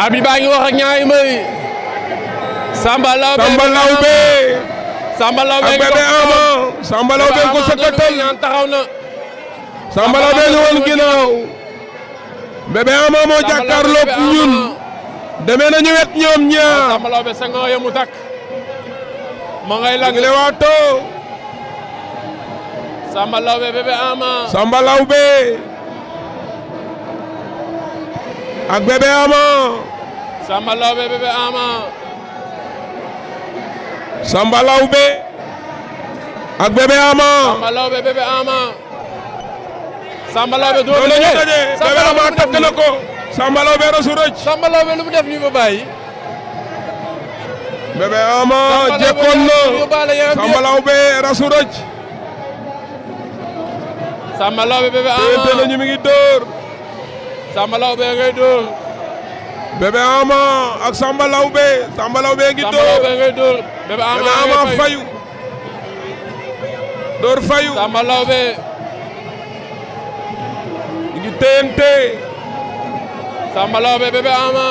arbitre baa ngi wax ak ñaari mbër yi Samba Lawbe Samba Lawbe Samba Lawbe ak Ama Samba Lawbe ko sëkkatal taxaw na Samba Lawbe ñu woon ginnaaw Bébé moo jàkkaarloo ak ñun demee nañu Ama Samba Lawbe bébé Ama Samba Lawbe ak bébé Ama Samba Lawbe bébé Ama Samba Lawbe doo la ñu daje bébé Ama takk na ko Samba Lawbe rasu rëcc Samba Lawbe lu mu def nii ba bàyyi bébé mi ngi dóor Samba Lawbe ngay Bébé Ama ak Samba Lawbe Samba Lawbe ngi dóor Bébé Ama fayu dóor fayu Samba Lawbe ngi téyante Samba Lawbe Bébé Ama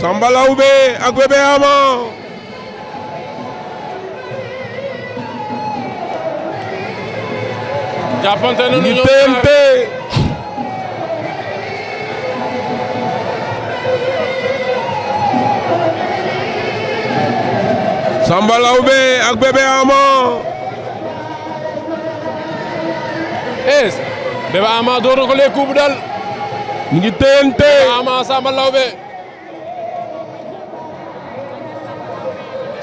Samba Lawbe ak Bébé Ama jàppante nañu ñoom ngi téyante Samba Laobé ak Bébé Ama ees Bébé Ama door lee kuubu dal ñu ngi téyante Bébé Ama Samba Laobé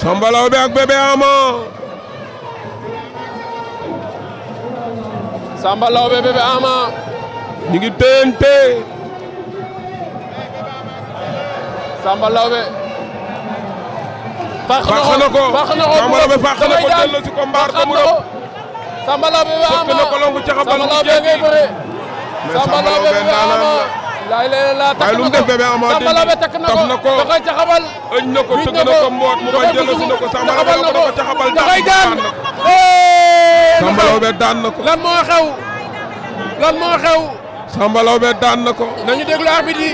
Samba ak Bébé Ama Samba Laobé Bébé Ama ñu ngi téyante Samba Laobé fàq na ko fàq na ko bu fàq na ko delloo ko mbaar ko na ko longu caxabal mu jéggi Samba Laobé bi laa takk na ko waaye lu mu def bébé Ama taf na ko da koy caxabal. ëñ na ko tëgg na ko mboot mu bañ daan. na ko lan moo xew. lan moo daan na ko. nañu déglu arbitre yi.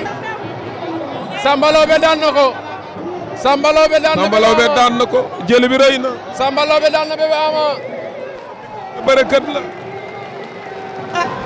Samba daan na ko. sambaloo be daan na na ko jëli bi rëy na. sambaloo Laobé daan na Bébé Ama. bërëkkat la. Ah,